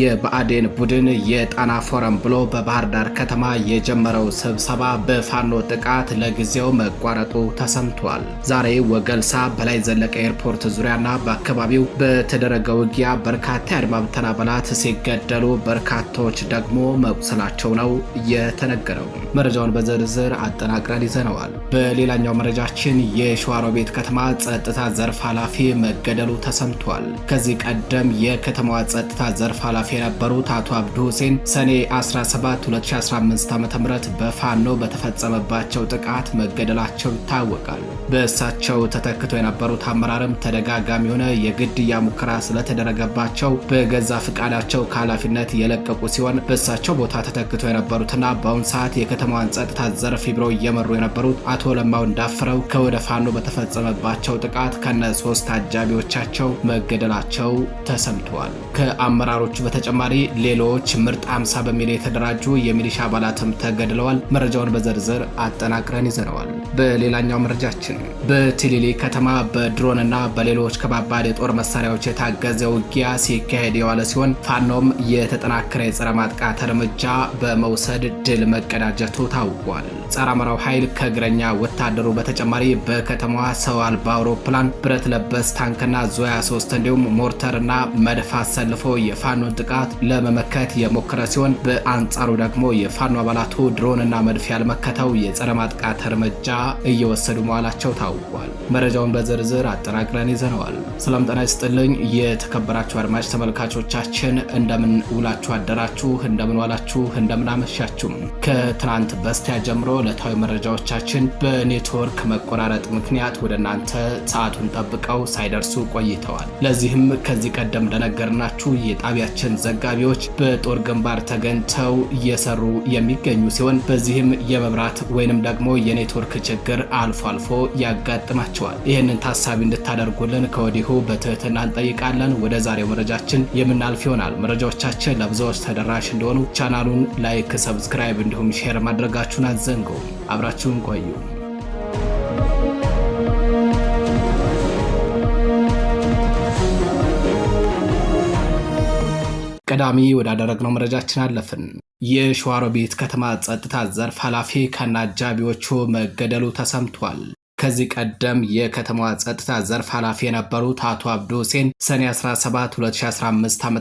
የብአዴን ቡድን የጣና ፎረም ብሎ በባህር ዳር ከተማ የጀመረው ስብሰባ በፋኖ ጥቃት ለጊዜው መቋረጡ ተሰምቷል። ዛሬ ወገልሳ በላይ ዘለቀ ኤርፖርት ዙሪያና በአካባቢው በተደረገ ውጊያ በርካታ የአድማ ብተና አባላት ሲገደሉ፣ በርካታዎች ደግሞ መቁሰላቸው ነው የተነገረው። መረጃውን በዝርዝር አጠናቅረን ይዘነዋል። በሌላኛው መረጃችን የሸዋሮቤት ከተማ ጸጥታ ዘርፍ ኃላፊ መገደሉ ተሰምቷል። ከዚህ ቀደም የከተማዋ ጸጥታ ዘርፍ ኃላፊ ኃላፊ የነበሩት አቶ አብዱ ሁሴን ሰኔ 17 2015 ዓ.ም በፋኖ በተፈጸመባቸው ጥቃት መገደላቸው ይታወቃል። በእሳቸው ተተክተው የነበሩት አመራርም ተደጋጋሚ የሆነ የግድያ ሙከራ ስለተደረገባቸው በገዛ ፍቃዳቸው ከኃላፊነት የለቀቁ ሲሆን በእሳቸው ቦታ ተተክተው የነበሩትና በአሁኑ ሰዓት የከተማዋን ጸጥታ ዘርፍ ይብረው እየመሩ የነበሩት አቶ ለማው እንዳፍረው ከወደ ፋኖ በተፈጸመባቸው ጥቃት ከነ ሶስት አጃቢዎቻቸው መገደላቸው ተሰምተዋል። ከአመራሮቹ በተጨማሪ ሌሎች ምርጥ አምሳ በሚል የተደራጁ የሚሊሻ አባላትም ተገድለዋል። መረጃውን በዝርዝር አጠናቅረን ይዘነዋል። በሌላኛው መረጃችን በቲሊሊ ከተማ በድሮንና በሌሎች ከባባድ የጦር መሳሪያዎች የታገዘ ውጊያ ሲካሄድ የዋለ ሲሆን ፋኖም የተጠናከረ የጸረ ማጥቃት እርምጃ በመውሰድ ድል መቀዳጀቱ ታውቋል። ጸረ አማራው ኃይል ከእግረኛ ወታደሩ በተጨማሪ በከተማዋ ሰው አልባ አውሮፕላን፣ ብረት ለበስ ታንክና ዙያ 3 እንዲሁም ሞርተርና መድፍ አሰልፎ የፋኖን ጥቃት ለመመከት የሞከረ ሲሆን በአንጻሩ ደግሞ የፋኖ አባላቱ ድሮንና መድፍ ያልመከተው የጸረ ማጥቃት እርምጃ እየወሰዱ መዋላቸው ታውቋል። መረጃውን በዝርዝር አጠናቅረን ይዘነዋል። ሰላም ጤና ይስጥልኝ የተከበራችሁ አድማጭ ተመልካቾቻችን፣ እንደምን ውላችሁ አደራችሁ፣ እንደምን ዋላችሁ፣ እንደምን አመሻችሁም። ከትናንት በስቲያ ጀምሮ ዕለታዊ መረጃዎቻችን በኔትወርክ መቆራረጥ ምክንያት ወደ እናንተ ሰዓቱን ጠብቀው ሳይደርሱ ቆይተዋል። ለዚህም ከዚህ ቀደም እንደነገርናችሁ የጣቢያችን ዘጋቢዎች በጦር ግንባር ተገኝተው እየሰሩ የሚገኙ ሲሆን በዚህም የመብራት ወይንም ደግሞ የኔትወርክ ችግር አልፎ አልፎ ያጋጥማቸዋል። ይህንን ታሳቢ እንድታደርጉልን ከወዲሁ በትህትና እንጠይቃለን። ወደ ዛሬው መረጃችን የምናልፍ ይሆናል። መረጃዎቻችን ለብዙዎች ተደራሽ እንደሆኑ ቻናሉን ላይክ፣ ሰብስክራይብ እንዲሁም ሼር ማድረጋችሁን አትዘንጉ። አብራችሁን ቆዩ። ቀዳሚ ወዳደረግነው መረጃችን አለፍን። የሸዋሮቢት ከተማ ጸጥታ ዘርፍ ኃላፊ ከናጃቢዎቹ መገደሉ ተሰምቷል። ከዚህ ቀደም የከተማዋ ጸጥታ ዘርፍ ኃላፊ የነበሩት አቶ አብዱ ሁሴን ሰኔ 17 2015 ዓ ም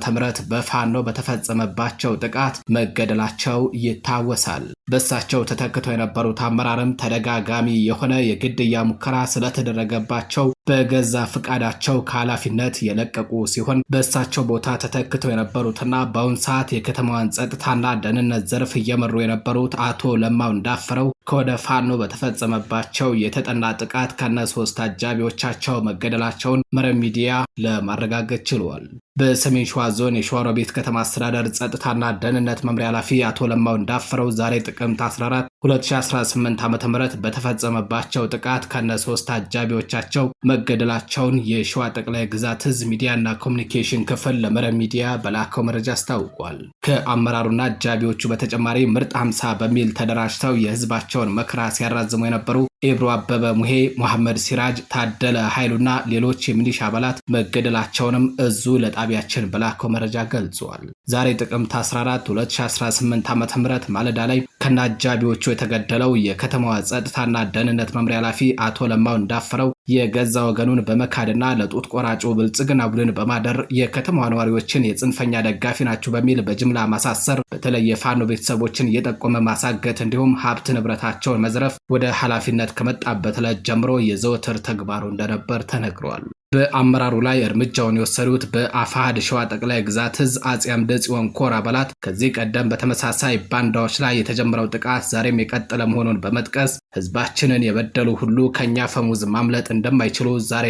በፋኖ በተፈጸመባቸው ጥቃት መገደላቸው ይታወሳል። በእሳቸው ተተክተው የነበሩት አመራርም ተደጋጋሚ የሆነ የግድያ ሙከራ ስለተደረገባቸው በገዛ ፍቃዳቸው ከኃላፊነት የለቀቁ ሲሆን በእሳቸው ቦታ ተተክተው የነበሩትና በአሁን ሰዓት የከተማዋን ጸጥታና ደህንነት ዘርፍ እየመሩ የነበሩት አቶ ለማው እንዳፈረው ከወደ ፋኖ በተፈጸመባቸው የተጠና ጥቃት ከነ ሶስት አጃቢዎቻቸው መገደላቸውን መረብ ሚዲያ ለማረጋገጥ ችሏል። በሰሜን ሸዋ ዞን የሸዋሮ ቤት ከተማ አስተዳደር ጸጥታና ደህንነት መምሪያ ኃላፊ አቶ ለማው እንዳፈረው ዛሬ ጥቅምት 14 2018 ዓ ም በተፈጸመባቸው ጥቃት ከነ ሶስት አጃቢዎቻቸው መገደላቸውን የሸዋ ጠቅላይ ግዛት ህዝብ ሚዲያና ኮሚኒኬሽን ክፍል ለመረብ ሚዲያ በላከው መረጃ አስታውቋል። ከአመራሩና አጃቢዎቹ በተጨማሪ ምርጥ 50 በሚል ተደራጅተው የህዝባቸውን መከራ ሲያራዝሙ የነበሩ ኤብሮ አበበ ሙሄ፣ መሐመድ ሲራጅ፣ ታደለ ኃይሉና ሌሎች የሚሊሻ አባላት መገደላቸውንም እዙ ለጣቢያችን በላከው መረጃ ገልጿል። ዛሬ ጥቅምት 14 2018 ዓ ም ማለዳ ላይ ከነ አጃቢዎቹ የተገደለው የከተማዋ ጸጥታና ደህንነት መምሪያ ኃላፊ አቶ ለማው እንዳፈረው የገዛ ወገኑን በመካድና ለጡት ቆራጩ ብልጽግና ቡድን በማደር የከተማ ነዋሪዎችን የጽንፈኛ ደጋፊ ናቸው በሚል በጅምላ ማሳሰር፣ በተለይ የፋኖ ቤተሰቦችን እየጠቆመ ማሳገት እንዲሁም ሀብት ንብረታቸውን መዝረፍ ወደ ኃላፊነት ከመጣበት ዕለት ጀምሮ የዘወትር ተግባሩ እንደነበር ተነግሯል። በአመራሩ ላይ እርምጃውን የወሰዱት በአፋሃድ ሸዋ ጠቅላይ ግዛት እዝ አጼ አምደ ጽዮን ኮር አባላት ከዚህ ቀደም በተመሳሳይ ባንዳዎች ላይ የተጀመረው ጥቃት ዛሬም የቀጠለ መሆኑን በመጥቀስ ህዝባችንን የበደሉ ሁሉ ከእኛ ፈሙዝ ማምለጥ እንደማይችሉ ዛሬ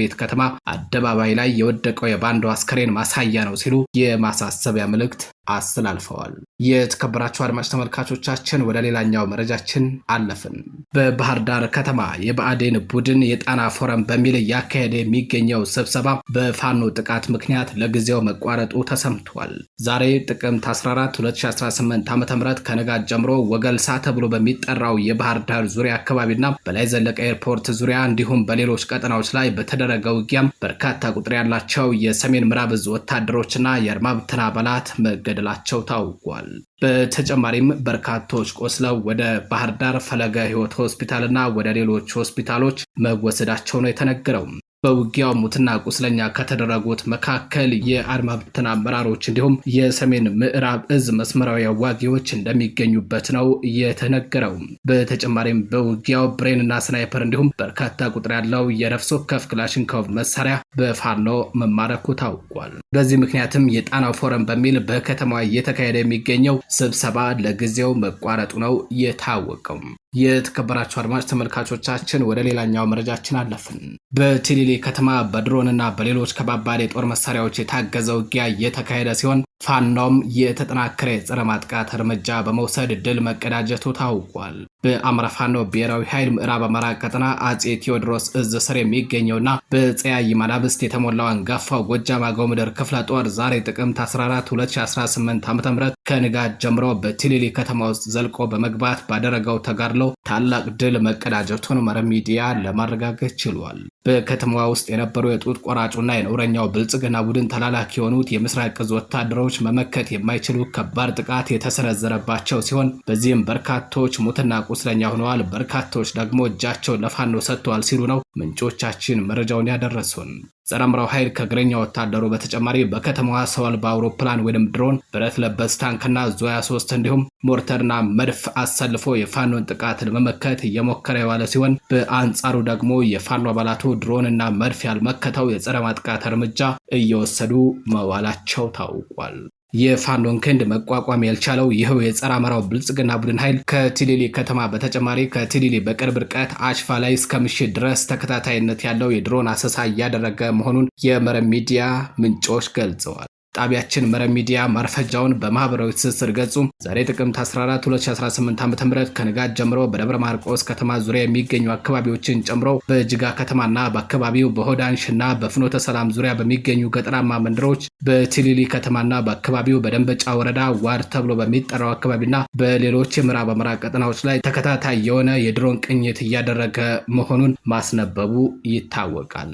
ቤት ከተማ አደባባይ ላይ የወደቀው የባንዳው አስከሬን ማሳያ ነው ሲሉ የማሳሰቢያ መልእክት አስተላልፈዋል። የተከበራችሁ አድማጭ ተመልካቾቻችን ወደ ሌላኛው መረጃችን አለፍን። በባህር ዳር ከተማ የብአዴን ቡድን የጣና ፎረም በሚል እያካሄደ የሚገኘው ስብሰባ በፋኖ ጥቃት ምክንያት ለጊዜው መቋረጡ ተሰምቷል። ዛሬ ጥቅምት 14 2018 ዓ ም ከንጋት ጀምሮ ወገልሳ ተብሎ በሚጠራው የባህር ዳር ዙሪያ አካባቢና በላይ ዘለቀ ኤርፖርት ዙሪያ እንዲሁም በሌሎች ቀጠናዎች ላይ በተደረገ ውጊያም በርካታ ቁጥር ያላቸው የሰሜን ምዕራብ እዝ ወታደሮችና የአድማ ብተና አባላት መገደ መገደላቸው ታውቋል። በተጨማሪም በርካቶች ቆስለው ወደ ባህር ዳር ፈለገ ህይወት ሆስፒታልና ወደ ሌሎች ሆስፒታሎች መወሰዳቸው ነው የተነገረው። በውጊያው ሙትና ቁስለኛ ከተደረጉት መካከል የአድማ ብተና አመራሮች እንዲሁም የሰሜን ምዕራብ እዝ መስመራዊ አዋጊዎች እንደሚገኙበት ነው የተነገረው። በተጨማሪም በውጊያው ብሬንና ስናይፐር እንዲሁም በርካታ ቁጥር ያለው የነፍስ ወከፍ ክላሽንኮቭ መሳሪያ በፋኖ መማረኩ ታውቋል። በዚህ ምክንያትም የጣና ፎረም በሚል በከተማዋ እየተካሄደ የሚገኘው ስብሰባ ለጊዜው መቋረጡ ነው የታወቀው። የተከበራቸው አድማጭ ተመልካቾቻችን ወደ ሌላኛው መረጃችን አለፍን። በቲሊሊ ከተማ በድሮንና በሌሎች ከባባድ የጦር መሳሪያዎች የታገዘ ውጊያ እየተካሄደ ሲሆን ፋኖም የተጠናከረ የጸረ ማጥቃት እርምጃ በመውሰድ ድል መቀዳጀቱ ታውቋል። በአማራ ፋኖ ብሔራዊ ኃይል ምዕራብ አማራ ቀጠና አጼ ቴዎድሮስ እዝ ስር የሚገኘውና በፀያይ መናብስት የተሞላው አንጋፋው ጎጃም አገው ምድር ክፍለ ጦር ዛሬ ጥቅምት 14 2018 ዓ.ም ከንጋት ጀምሮ በቲሊሊ ከተማ ውስጥ ዘልቆ በመግባት ባደረገው ተጋድሎ ታላቅ ድል መቀዳጀቱን መረብ ሚዲያ ለማረጋገጥ ችሏል። በከተማዋ ውስጥ የነበሩ የጡት ቆራጩና የነውረኛው ብልጽግና ቡድን ተላላኪ የሆኑት የምስራቅ እዝ ወታደሮች ወታደሮች መመከት የማይችሉ ከባድ ጥቃት የተሰነዘረባቸው ሲሆን በዚህም በርካቶች ሙትና ቁስለኛ ሆነዋል፣ በርካቶች ደግሞ እጃቸውን ለፋኖ ሰጥተዋል ሲሉ ነው ምንጮቻችን መረጃውን ያደረሱን። ጸረ ኃይል ከእግረኛ ወታደሩ በተጨማሪ በከተማዋ ሰው አልባ አውሮፕላን ወይም ድሮን፣ ብረት ለበስ ታንክና ዙያ ሶስት እንዲሁም ሞርተርና መድፍ አሰልፎ የፋኖን ጥቃት ለመመከት እየሞከረ የዋለ ሲሆን በአንጻሩ ደግሞ የፋኖ አባላቱ ድሮንና መድፍ ያልመከተው የጸረ ማጥቃት እርምጃ እየወሰዱ መዋላቸው ታውቋል። የፋኖን ክንድ መቋቋም ያልቻለው ይኸው የጸረ አማራው ብልጽግና ቡድን ኃይል ከቲሊሊ ከተማ በተጨማሪ ከቲሊሊ በቅርብ ርቀት አሽፋ ላይ እስከ ምሽት ድረስ ተከታታይነት ያለው የድሮን አሰሳ እያደረገ መሆኑን የመረብ ሚዲያ ምንጮች ገልጸዋል። ጣቢያችን መረብ ሚዲያ ማርፈጃውን በማህበራዊ ትስስር ገጹ ዛሬ ጥቅምት 14 2018 ዓ.ም ከንጋት ጀምሮ በደብረ ማርቆስ ከተማ ዙሪያ የሚገኙ አካባቢዎችን ጨምሮ በጅጋ ከተማና በአካባቢው በሆዳንሽና በፍኖተ ሰላም ዙሪያ በሚገኙ ገጠራማ መንደሮች በቲሊሊ ከተማና በአካባቢው በደንበጫ ወረዳ ዋር ተብሎ በሚጠራው አካባቢና በሌሎች የምዕራብ አማራ ቀጠናዎች ላይ ተከታታይ የሆነ የድሮን ቅኝት እያደረገ መሆኑን ማስነበቡ ይታወቃል።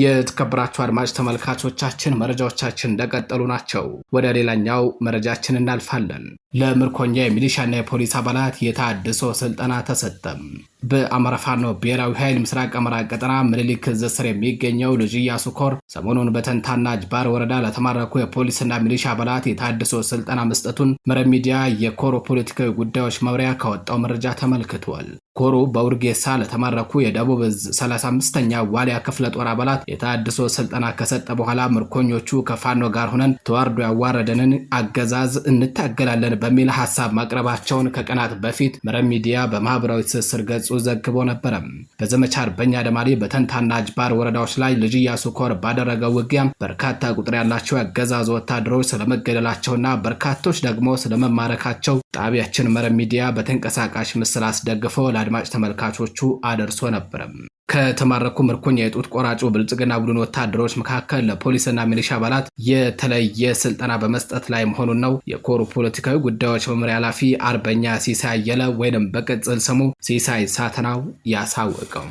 የተከበራችሁ አድማጭ ተመልካቾቻችን መረጃዎቻችን እንደቀጠሉ ናቸው። ወደ ሌላኛው መረጃችን እናልፋለን። ለምርኮኛ የሚሊሻና የፖሊስ አባላት የታድሶ ስልጠና ተሰጠም። በአማራ ፋኖ ብሔራዊ ኃይል ምስራቅ አማራ ቀጠና ምኒልክ ዕዝ ስር የሚገኘው ልጅ ኢያሱ ኮር ሰሞኑን በተንታና ጅባር ወረዳ ለተማረኩ የፖሊስና ሚሊሻ አባላት የታድሶ ስልጠና መስጠቱን መረብ ሚዲያ የኮሮ ፖለቲካዊ ጉዳዮች መምሪያ ካወጣው መረጃ ተመልክቷል። ኮሩ በውርጌሳ ለተማረኩ የደቡብ 35ኛ ዋሊያ ክፍለ ጦር አባላት የታድሶ ስልጠና ከሰጠ በኋላ ምርኮኞቹ ከፋኖ ጋር ሆነን ተዋርዶ ያዋረደንን አገዛዝ እንታገላለን በሚል ሀሳብ ማቅረባቸውን ከቀናት በፊት መረብ ሚዲያ በማህበራዊ ትስስር ገጹ ዘግቦ ነበረ። በዘመቻ አርበኛ ደማሌ በተንታና አጅባር ወረዳዎች ላይ ልጅ ኢያሱ ኮር ባደረገው ውጊያ በርካታ ቁጥር ያላቸው ያገዛዙ ወታደሮች ስለመገደላቸውና በርካቶች ደግሞ ስለመማረካቸው ጣቢያችን መረብ ሚዲያ በተንቀሳቃሽ ምስል አስደግፎ ለአድማጭ ተመልካቾቹ አደርሶ ነበረም። ከተማረኩ ምርኮኛ የጡት ቆራጩ ብልጽግና ቡድን ወታደሮች መካከል ለፖሊስና ሚሊሻ አባላት የተለየ ስልጠና በመስጠት ላይ መሆኑን ነው የኮሩ ፖለቲካዊ ጉዳዮች መምሪያ ኃላፊ አርበኛ ሲሳይ አየለ ወይንም በቅጽል ስሙ ሲሳይ ሳተናው ያሳወቀው።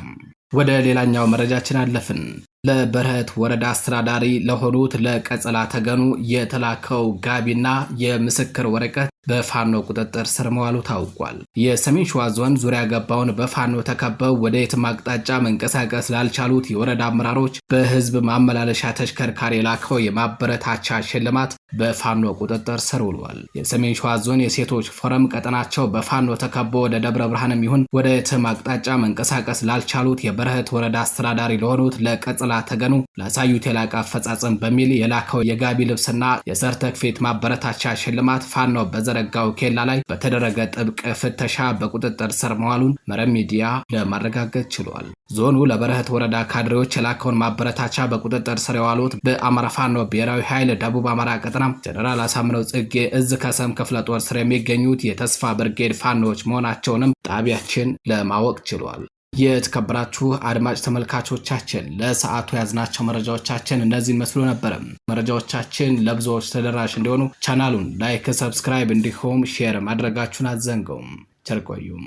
ወደ ሌላኛው መረጃችን አለፍን። ለበረት ወረዳ አስተዳዳሪ ለሆኑት ለቀጸላ ተገኑ የተላከው ጋቢና የምስክር ወረቀት በፋኖ ቁጥጥር ስር መዋሉ ታውቋል። የሰሜን ሸዋ ዞን ዙሪያ ገባውን በፋኖ ተከበው ወደ የትም አቅጣጫ መንቀሳቀስ ላልቻሉት የወረዳ አመራሮች በህዝብ ማመላለሻ ተሽከርካሪ የላከው የማበረታቻ ሽልማት በፋኖ ቁጥጥር ስር ውሏል። የሰሜን ሸዋ ዞን የሴቶች ፎረም ቀጠናቸው በፋኖ ተከቦ ወደ ደብረ ብርሃንም ይሁን ወደ የትም አቅጣጫ መንቀሳቀስ ላልቻሉት የበረህት ወረዳ አስተዳዳሪ ለሆኑት ለቀጽላ ተገኑ ላሳዩት የላቀ አፈጻጸም በሚል የላከው የጋቢ ልብስና የሰርተክፌት ማበረታቻ ሽልማት ፋኖ በዘ በተዘረጋው ኬላ ላይ በተደረገ ጥብቅ ፍተሻ በቁጥጥር ስር መዋሉን መረብ ሚዲያ ለማረጋገጥ ችሏል። ዞኑ ለበረህት ወረዳ ካድሬዎች የላከውን ማበረታቻ በቁጥጥር ስር የዋሉት በአማራ ፋኖ ብሔራዊ ኃይል ደቡብ አማራ ቀጠና ጀነራል አሳምነው ጽጌ እዝ ከሰም ክፍለ ጦር ስር የሚገኙት የተስፋ ብርጌድ ፋኖዎች መሆናቸውንም ጣቢያችን ለማወቅ ችሏል። የተከበራችሁ አድማጭ ተመልካቾቻችን ለሰዓቱ ያዝናቸው መረጃዎቻችን እነዚህን መስሎ ነበረ። መረጃዎቻችን ለብዙዎች ተደራሽ እንዲሆኑ ቻናሉን ላይክ፣ ሰብስክራይብ እንዲሁም ሼር ማድረጋችሁን አትዘንገውም። ቸር ቆዩም